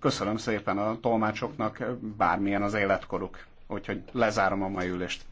Köszönöm szépen a tolmácsoknak, bármilyen az életkoruk. Úgyhogy lezárom a mai ülést.